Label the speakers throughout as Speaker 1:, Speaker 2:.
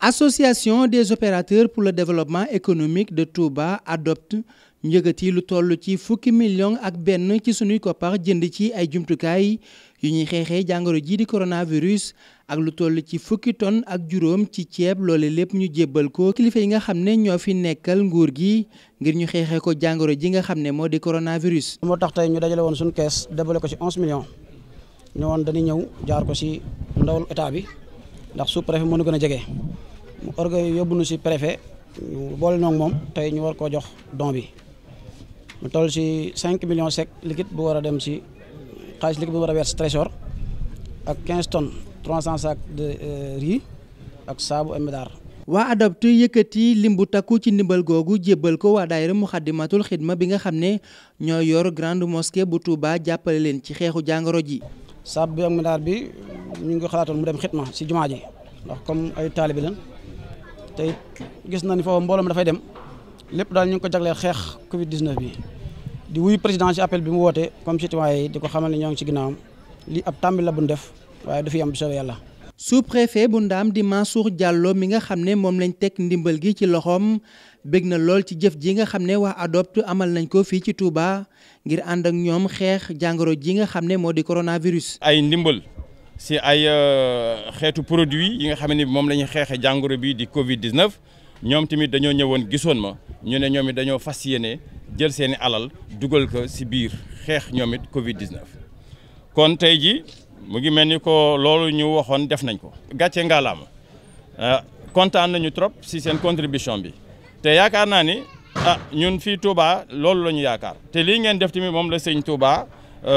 Speaker 1: association des opérateurs pour le développement économique de Touba adopte njëgati lu toll ci fukki million ak benn ci sunuy koppar jënd ci ay jumtukaay yu ñuy xeexee jàngoro jii di coronavirus ak lu toll ci fukki tonn ak juróom ci ceeb loole lépp ñu jébbal ko kilifa yi nga xam ne ñoo fi nekkal nguur gi ngir ñu xeexee ko jàngoro ji nga xam ne moo di coronavirus. moo tax tey ñu dajale woon suñu kees débale ko ci onze millions
Speaker 2: ñu woon dañuy ñëw jaar ko ci état bi ndax sous-préfet mënu gën a jege. mu orga yóbbu nu si préfet ñu boole noog moom tey ñu war koo jox don bi mu toll si cinq millions sec liquide bu war a dem si xaalis liquide bu war a weer si
Speaker 1: ak quinze tonnes trois cent sacs de euh, riz ak saabu ay médaar waa adopte yëkkati lim bu takku ci ndimbal googu jébbal ko waa daayira muxaddimatul xidma bi nga xam ne ñoo yor grande mosquée bu Touba jàppale leen ci xeexu jàngoro ji. saabu bi ak médaar bi ñu ngi xalaatoon mu dem xidma si jumaa ji ndax comme ay taalibi
Speaker 2: lan tey gis na ni foofu mbooloom dafay dem lépp daal ñu ngi ko jagleel xeex Covid 19 bi. di wuy président ci appel bi mu woote comme citoyen yi di ko xamal ne ñoo ngi ci ginnaaw
Speaker 1: lii ab tàmbali la bu ñu def waaye du fi am bu soobee yàlla. sous-préfet bu Ndaam di suux Diallo mi nga xam ne moom lañ teg ndimbal gi ci loxoom bég na lool ci jëf ji nga xam ne waa ADOPT amal nañ ko fii ci Touba ngir ànd ak ñoom xeex jàngoro ji nga xam ne moo di coronavirus.
Speaker 3: ay ndimbal si ay euh, xeetu produit yi nga xam ni moom la ñuy xeexe jàngoro bi di Covid 19 ñoom tamit dañoo ñëwoon gisoon ma ñu ne ñoom it dañoo fas yéene jël seeni alal dugal ko si biir xeex ñoom it Covid 19. kon tey ji mu ngi mel ni ko loolu ñu waxoon def nañ ko. gàcce ngaalaama euh, kontaan nañu trop si seen contribution bi te yaakaar naa ni ah, ñun fii Touba loolu la ñu yaakaar te lii ngeen def tamit moom la sëñ Touba. Euh,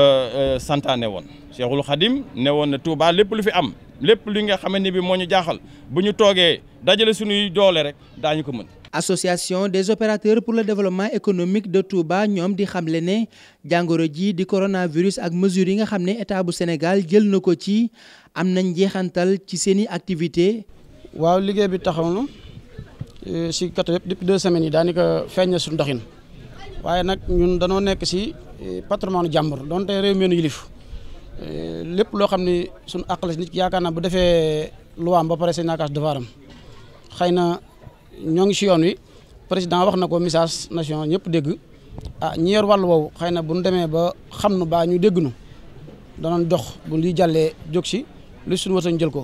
Speaker 3: euh, santaane woon Cheikhul Khadim ne woon na Touba lépp lu fi am lépp li nga xamante ni bi moo ñu jaaxal bu ñu toogee dajale suñuy doole rek daañu ko mën.
Speaker 1: association des opérateurs pour le développement économique de Touba ñoom di xamle ne jàngoro ji di coronavirus ak mesures yi nga xam ne état bu Sénégal jël na ko ci am nañ njeexantal ci seeni activité waaw
Speaker 2: liggéey bi taxaw na euh, si côté yëpp depuis deux semaines yi daanaka feeñ na suñu doxin. waaye nag ñun danoo nekk si eh, patrimoine jàmbur doonte réew mi nu yilif eh, lépp loo xam ne suñu àq si nit yaakaar naa bu defee luwaam ba pare seen naakaas defaram xëy na ñoo ngi si yoon wi président wax na ko message nation ñëpp dégg ah ñi yor wàllu woowu xëy na bu ñu demee ba xam nu baa ñu dégg nu danoon dox bu lii jàllee jóg si lu suñu watañ jël ko